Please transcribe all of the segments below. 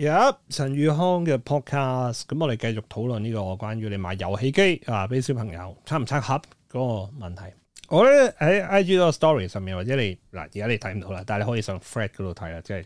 呀陳宇康嘅 podcast，咁我哋繼續討論呢個關於你買遊戲機啊，俾小朋友拆唔拆盒嗰個問題。我咧喺 IG 嗰個 story 上面，或者你嗱而家你睇唔到啦，但係你可以上 Fred 嗰度睇啦，即係。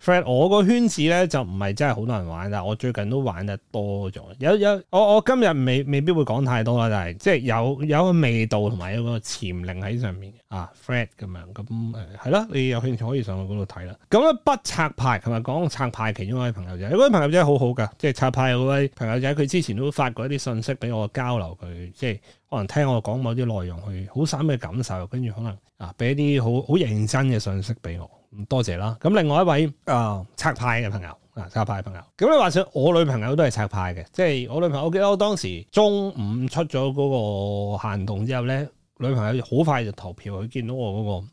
f 我個圈子咧就唔係真係好多人玩，但我最近都玩得多咗。有有，我我今日未未必會講太多啦，但係即係有有個味道同埋有個潛力喺上面啊。Fred 咁樣咁誒係咯，你有興趣可以上去嗰度睇啦。咁咧不拆牌，同埋講拆牌，其中一位朋友仔，有位朋友仔好好噶，即係拆牌。嗰位朋友仔，佢之前都發過一啲信息俾我交流，佢即係可能聽我講某啲內容去好深嘅感受，跟住可能啊俾一啲好好認真嘅信息俾我。多謝啦。咁另外一位啊拆派嘅朋友啊拆派嘅朋友，咁你話想我女朋友都係拆派嘅，即係我女朋友。我記得我當時中午出咗嗰個行動之後咧，女朋友好快就投票。佢見到我嗰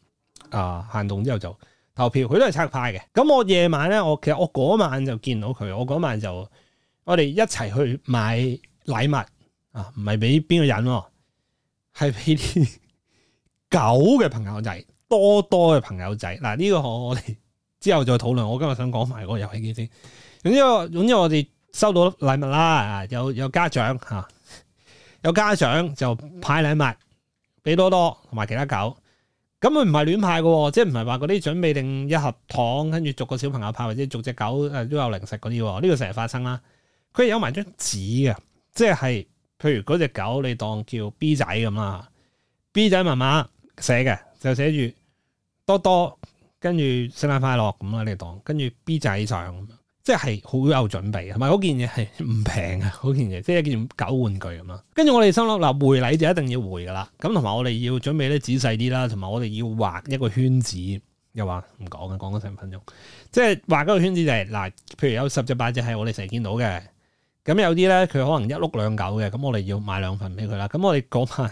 個啊行動之後就投票，佢都係拆派嘅。咁我夜晚咧，我其實我嗰晚就見到佢，我嗰晚就我哋一齊去買禮物啊，唔係俾邊個人啊，係俾啲狗嘅朋友仔。多多嘅朋友仔，嗱、啊、呢、這個我哋之後再討論。我今日想講埋個遊戲機先。總之，總之我哋收到禮物啦，有有家長吓、啊，有家長就派禮物俾多多同埋其他狗。咁佢唔係亂派嘅，即係唔係話嗰啲準備定一盒糖，跟住逐個小朋友派，或者逐隻狗誒、啊、都有零食嗰啲。呢、這個成日發生啦。佢有埋張紙嘅，即係譬如嗰隻狗，你當叫 B 仔咁啦。B 仔媽媽寫嘅就寫住。多多，跟住聖誕快樂咁啦，呢檔跟住 B 仔上，即係好有準備，同埋嗰件嘢係唔平嘅，嗰件嘢即係一件狗玩具咁啦。跟住我哋心諗嗱，回禮就一定要回噶啦，咁同埋我哋要準備得仔細啲啦，同埋我哋要畫一個圈子，又話唔講嘅，講咗成分鐘，即係畫嗰個圈子就係、是、嗱，譬如有十隻八隻係我哋成日見到嘅，咁有啲咧，佢可能一碌兩嚿嘅，咁我哋要買兩份俾佢啦，咁我哋嗰晚。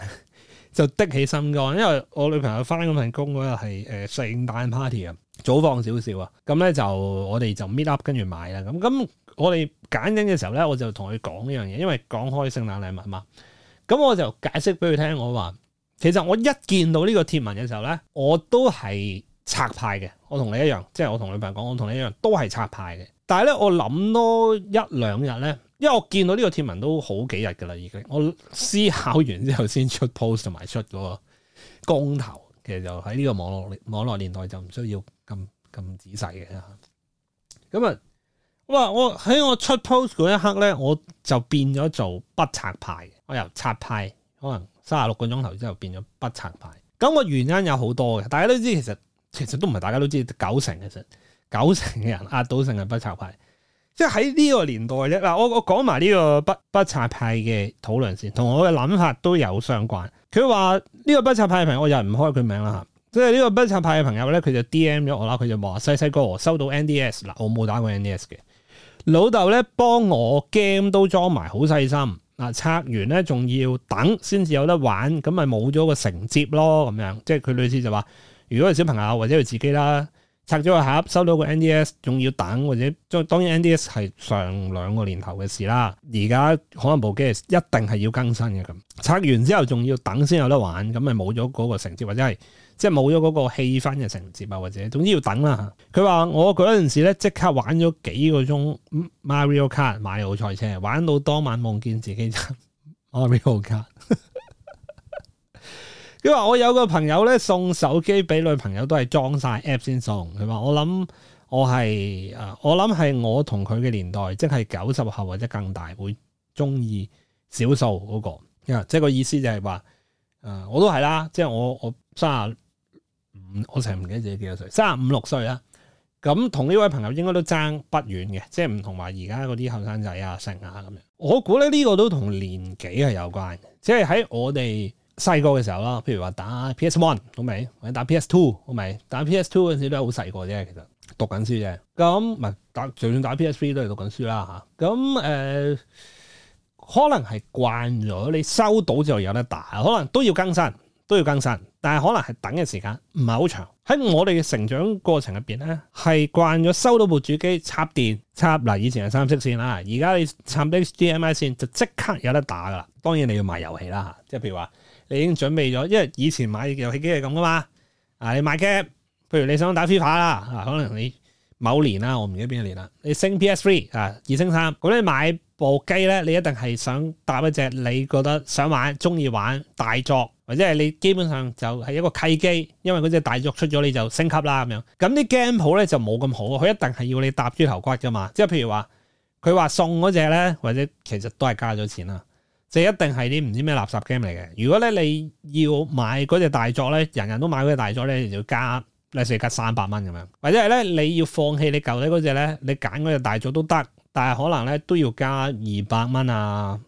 就的起心肝，因為我女朋友翻嗰份工嗰日係誒聖誕 party 啊，早放少少啊，咁、嗯、咧就我哋就 meet up 跟住買啦。咁、嗯、咁、嗯、我哋揀緊嘅時候咧，我就同佢講呢樣嘢，因為講開聖誕禮物嘛。咁、嗯、我就解釋俾佢聽，我話其實我一見到呢個貼文嘅時候咧，我都係拆派嘅。我同你一樣，即、就、係、是、我同女朋友講，我同你一樣都係拆派嘅。但係咧，我諗多一兩日咧。因為我見到呢個貼文都好幾日噶啦，已經我思考完之後先出 post 同埋出嗰個公投，其實就喺呢個網絡網絡年代就唔需要咁咁仔細嘅。咁啊，哇！我喺我出 post 嗰一刻咧，我就變咗做不拆派。我由拆派可能三十六個鐘頭之後變咗不拆派。咁個原因有好多嘅，大家都知其實其實都唔係，大家都知九成其實九成嘅人壓倒性係不拆派。即係喺呢個年代啫，嗱，我我講埋呢個不不拆派嘅討論先，同我嘅諗法都有相關。佢話呢個不拆派嘅朋友，我又唔開佢名啦吓。即係呢個不拆派嘅朋友咧，佢就 DM 咗我啦，佢就話細細個我收到 NDS 嗱，我冇打過 NDS 嘅老豆咧，幫我 game 都裝埋好細心嗱，拆完咧仲要等先至有得玩，咁咪冇咗個承接咯咁樣。即係佢類似就話，如果係小朋友或者佢自己啦。拆咗個盒，收到個 NDS，仲要等，或者，當當然 NDS 係上兩個年頭嘅事啦。而家可能部機一定係要更新嘅，咁，拆完之後仲要等先有得玩，咁咪冇咗嗰個承接，或者係即係冇咗嗰個氣氛嘅承接啊，或者總之要等啦。佢話我嗰陣時咧即刻玩咗幾個鐘 Mario Kart，買好賽車，玩到當晚夢見自己揸 Mario Kart。因為我有個朋友咧送手機俾女朋友都係裝晒 app 先送，佢話我諗我係誒我諗係我同佢嘅年代即係九十後或者更大會中意少數嗰個，yeah, 即係個意思就係話誒我都係啦，即係我我卅五我成唔記得自己幾多歲卅五六歲啦，咁同呢位朋友應該都爭不遠嘅，即係唔同話而家嗰啲後生仔啊成啊咁樣，我估咧呢個都同年紀係有關嘅，即係喺我哋。細個嘅時候啦，譬如話打 PS One，好未？或者打 PS Two，好未？打 PS Two 嗰時候都係好細個啫，其實讀緊書啫。咁咪打，就算打 PS Three 都係讀緊書啦吓。咁誒、呃，可能係慣咗，你收到就有得打，可能都要更新，都要更新。但係可能係等嘅時間唔係好長，喺我哋嘅成長過程入邊咧，係慣咗收到部主機插電插嗱，以前係三色線啦，而家你插 HDMI 線，就即刻有得打噶啦。當然你要買遊戲啦，即係譬如話你已經準備咗，因為以前買遊戲機係咁噶嘛，啊你買 game，譬如你想打《FIFA》啦，啊可能你某年啦，我唔記得邊一年啦，你升 PS3 啊二升三，咁你買。部機咧，你一定係想搭一隻你覺得想玩、中意玩大作，或者係你基本上就係一個契機，因為嗰隻大作出咗你就升級啦咁樣。咁啲 game 鋪咧就冇咁好，佢一定係要你搭豬頭骨噶嘛。即係譬如話佢話送嗰隻咧，或者其實都係加咗錢啦。即係一定係啲唔知咩垃圾 game 嚟嘅。如果咧你要買嗰隻大作咧，人人都買嗰隻大作咧，你就要加，你就要加三百蚊咁樣，或者係咧你要放棄你舊底嗰隻咧，你揀嗰隻大作都得。但係可能咧都要加二百蚊啊，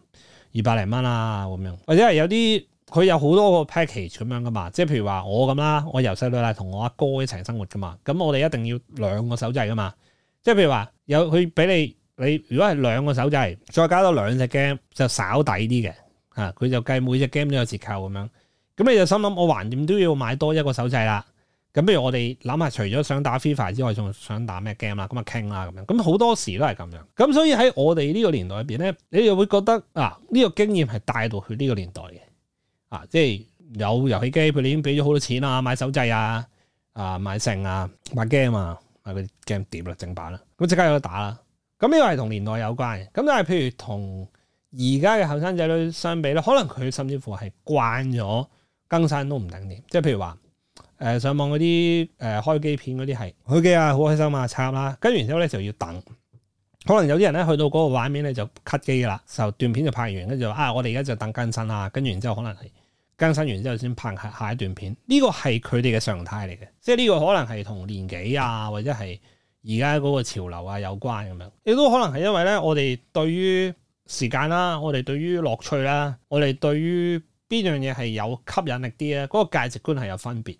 二百零蚊啊咁樣，或者係有啲佢有好多個 package 咁樣噶嘛，即係譬如話我咁啦，我由細到大同我阿哥，哥一齊生活噶嘛，咁我哋一定要兩個手掣噶嘛，即係譬如話有佢俾你，你如果係兩個手掣，再加多兩隻 game 就稍抵啲嘅，嚇、啊、佢就計每隻 game 都有折扣咁樣，咁你就心諗我橫掂都要買多一個手掣啦。咁不如我哋諗下，除咗想打 FIFA 之外，仲想打咩 game 啦？咁啊傾啦咁樣。咁好多時都係咁樣。咁所以喺我哋呢個年代入邊咧，你又會覺得啊呢個經驗係帶到去呢個年代嘅啊，即係有遊戲機，佢你已經俾咗好多錢啦，買手掣啊，啊買成啊買 game 啊，買佢 game 碟啦，正版啦，咁即刻有得打啦。咁呢個係同年代有關嘅。咁但係譬如同而家嘅後生仔女相比咧，可能佢甚至乎係慣咗更新都唔定添，即係譬如話。誒、呃、上網嗰啲誒開機片嗰啲係開機啊，好開心嘛、啊，插啦。跟住完之後咧就要等，可能有啲人咧去到嗰個畫面咧就 cut 機啦，就段片就拍完，跟住啊，我哋而家就等更新啦、啊。跟住完之後可能係更新完之後先拍下一段片。呢個係佢哋嘅常態嚟嘅，即係呢個可能係同年紀啊，或者係而家嗰個潮流啊有關咁樣。亦都可能係因為咧，我哋對於時間啦、啊，我哋對於樂趣啦、啊，我哋對於邊樣嘢係有吸引力啲咧，嗰、嗰個價值觀係有分別。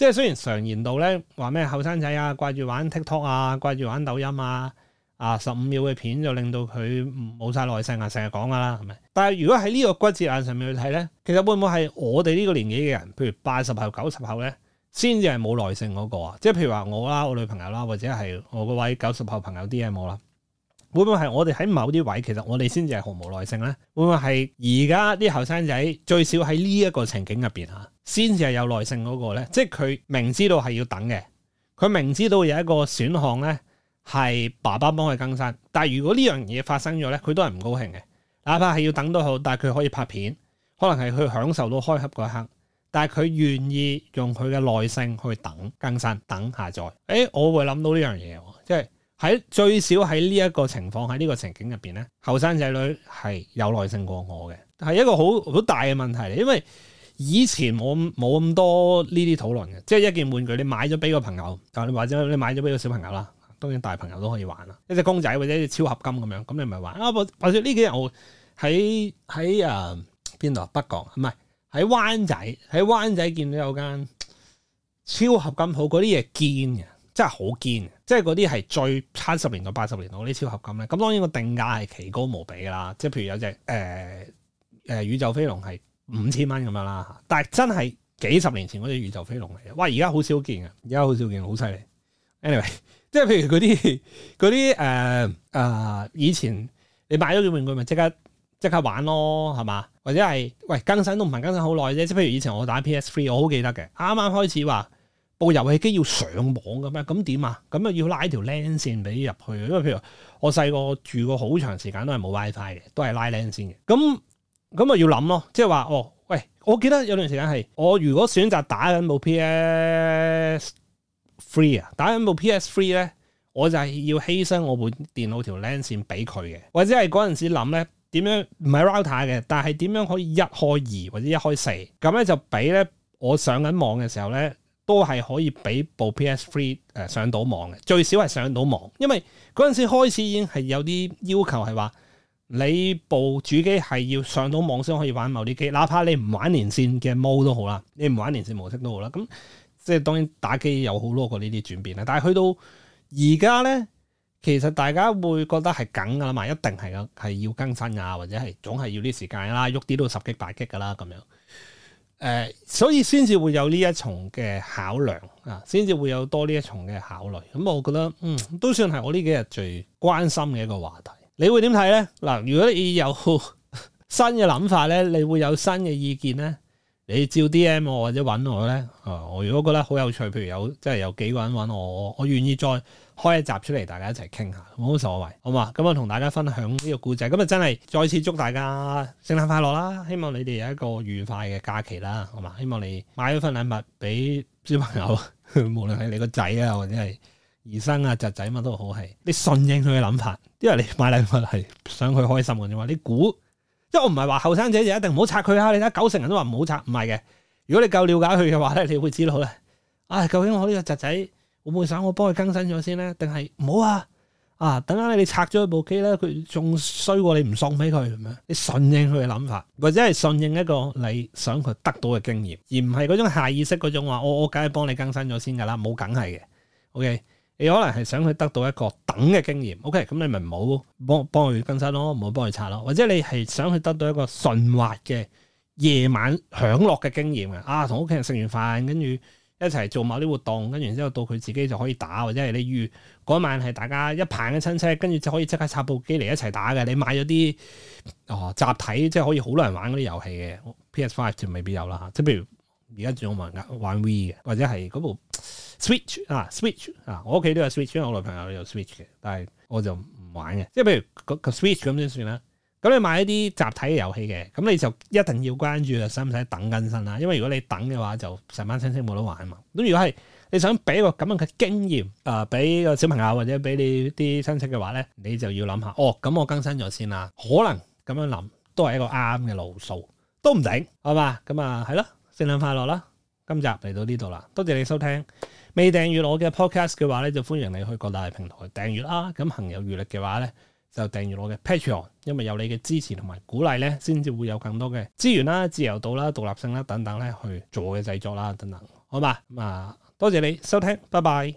即係雖然常言道咧，話咩後生仔啊，掛住玩 TikTok 啊，掛住玩抖音啊，啊十五秒嘅片就令到佢冇晒耐性啊，成日講噶啦，係咪？但係如果喺呢個骨折眼上面去睇咧，其實會唔會係我哋呢個年紀嘅人，譬如八十後、九十後咧，先至係冇耐性嗰個啊？即係譬如話我啦，我女朋友啦，或者係我嗰位九十後朋友啲嘢冇啦。會唔會係我哋喺某啲位，其實我哋先至係毫無耐性咧？會唔會係而家啲後生仔最少喺呢一個情景入邊吓，先至係有耐性嗰個咧？即係佢明知道係要等嘅，佢明知道有一個選項咧，係爸爸幫佢更新。但係如果呢樣嘢發生咗咧，佢都係唔高興嘅。哪怕係要等都好，但係佢可以拍片，可能係佢享受到開盒嗰一刻。但係佢願意用佢嘅耐性去等更新、等下載。誒，我會諗到呢樣嘢，即係。喺最少喺呢一個情況喺呢個情景入邊咧，後生仔女係有耐性過我嘅，係一個好好大嘅問題嚟。因為以前冇冇咁多呢啲討論嘅，即係一件玩具你買咗俾個朋友，或者你買咗俾個小朋友啦，當然大朋友都可以玩啦。一隻公仔或者一隻超合金咁樣，咁你咪玩啊！或者呢幾日我喺喺誒邊度？北角唔係喺灣仔，喺灣仔見到有間超合金鋪，嗰啲嘢堅嘅。真係好堅，即係嗰啲係最七十年代到八十年代啲超合金咧。咁當然個定價係奇高無比㗎啦。即係譬如有隻誒誒、呃呃、宇宙飛龍係五千蚊咁樣啦，但係真係幾十年前嗰隻宇宙飛龍嚟嘅。哇！而家好少見啊，而家好少見，好犀利。Anyway，即係譬如嗰啲嗰啲誒誒，以前你買咗個玩具咪即刻即刻玩咯，係嘛？或者係喂更新都唔係更新好耐啫。即係譬如以前我打 PS Three，我好記得嘅，啱啱開始話。部遊戲機要上網嘅咩？咁點啊？咁啊要拉條 LAN 線俾入去。因為譬如我細個住過好長時間都係冇 wifi 嘅，都係拉 LAN 線嘅。咁咁啊要諗咯，即係話哦，喂，我記得有段時間係我如果選擇打緊部 PS Three 啊，打緊部 PS Three 咧，我就係要犧牲我部電腦條 LAN 線俾佢嘅。或者係嗰陣時諗咧，點樣唔係 router 嘅，但係點樣可以一開二或者一開四咁咧，就俾咧我上緊網嘅時候咧。都係可以俾部 PS3 誒上到網嘅，最少係上到網，因為嗰陣時開始已經係有啲要求係話你部主機係要上到網先可以玩某啲機，哪怕你唔玩連線嘅 mode 都好啦，你唔玩連線模式都好啦，咁、嗯、即係當然打機有好多個呢啲轉變啦。但係去到而家咧，其實大家會覺得係梗噶啦嘛，一定係係要更新啊，或者係總係要啲時間啦，喐啲都十擊八擊噶啦咁樣。誒、呃，所以先至會有呢一重嘅考量啊，先至會有多呢一重嘅考慮。咁、嗯、我覺得，嗯，都算係我呢幾日最關心嘅一個話題。你會點睇咧？嗱，如果你有 新嘅諗法咧，你會有新嘅意見咧，你照 DM 我或者搵我咧啊！我如果覺得好有趣，譬如有即係、就是、有幾個人搵我，我願意再。開一集出嚟，大家一齊傾下，冇所謂，好嘛？咁我同大家分享呢個故仔，咁啊真係再次祝大家聖誕快樂啦！希望你哋有一個愉快嘅假期啦，好嘛？希望你買咗份禮物俾小朋友，無論係你個仔啊，或者係兒生啊侄仔乜，都好係，你順應佢嘅諗法，因為你買禮物係想佢開心嘅嘛。你估，即係我唔係話後生仔就一定唔好拆佢啊！你睇九成人都話唔好拆，唔係嘅。如果你夠了解佢嘅話咧，你會知道咧，唉、哎，究竟我呢個侄仔。會唔會想我幫佢更新咗先咧？定係唔好啊？啊，等下你拆你拆咗部機咧，佢仲衰過你唔送俾佢，係咪？你順應佢嘅諗法，或者係順應一個你想佢得到嘅經驗，而唔係嗰種下意識嗰種話，我我梗係幫你更新咗先噶啦，冇梗係嘅。OK，你可能係想佢得到一個等嘅經驗。OK，咁你咪唔好幫幫佢更新咯，唔好幫佢拆咯，或者你係想去得到一個順滑嘅夜晚享樂嘅經驗啊，同屋企人食完飯跟住。一齊做某啲活動，跟住之後到佢自己就可以打，或者係你預嗰晚係大家一棚嘅親戚，跟住就可以即刻插部機嚟一齊打嘅。你買咗啲哦集體，即係可以好多人玩嗰啲遊戲嘅，PS5 就未必有啦嚇。即係譬如而家仲有玩玩 Wii 嘅，或者係嗰部 Switch 啊，Switch 啊，我屋企都有 Switch，因為我女朋友有 Switch 嘅，但係我就唔玩嘅。即係譬如個 Switch 咁先算啦。咁你買一啲集體遊戲嘅，咁你就一定要關注啊，使唔使等更新啦？因為如果你等嘅話，就成班親戚冇得玩啊嘛。咁如果係你想俾個咁樣嘅經驗啊，俾、呃、個小朋友或者俾你啲親戚嘅話咧，你就要諗下，哦，咁我更新咗先啦。可能咁樣諗都係一個啱嘅路數，都唔定，係嘛？咁、嗯、啊，係咯，聖誕快樂啦！今集嚟到呢度啦，多謝你收聽。未訂閱我嘅 podcast 嘅話咧，就歡迎你去各大平台訂閱啦。咁、啊，行有餘力嘅話咧，就訂閱我嘅 Patreon，因為有你嘅支持同埋鼓勵咧，先至會有更多嘅資源啦、自由度啦、獨立性啦等等咧，去做我嘅製作啦等等，好嘛？咁啊，多謝你收聽，拜拜。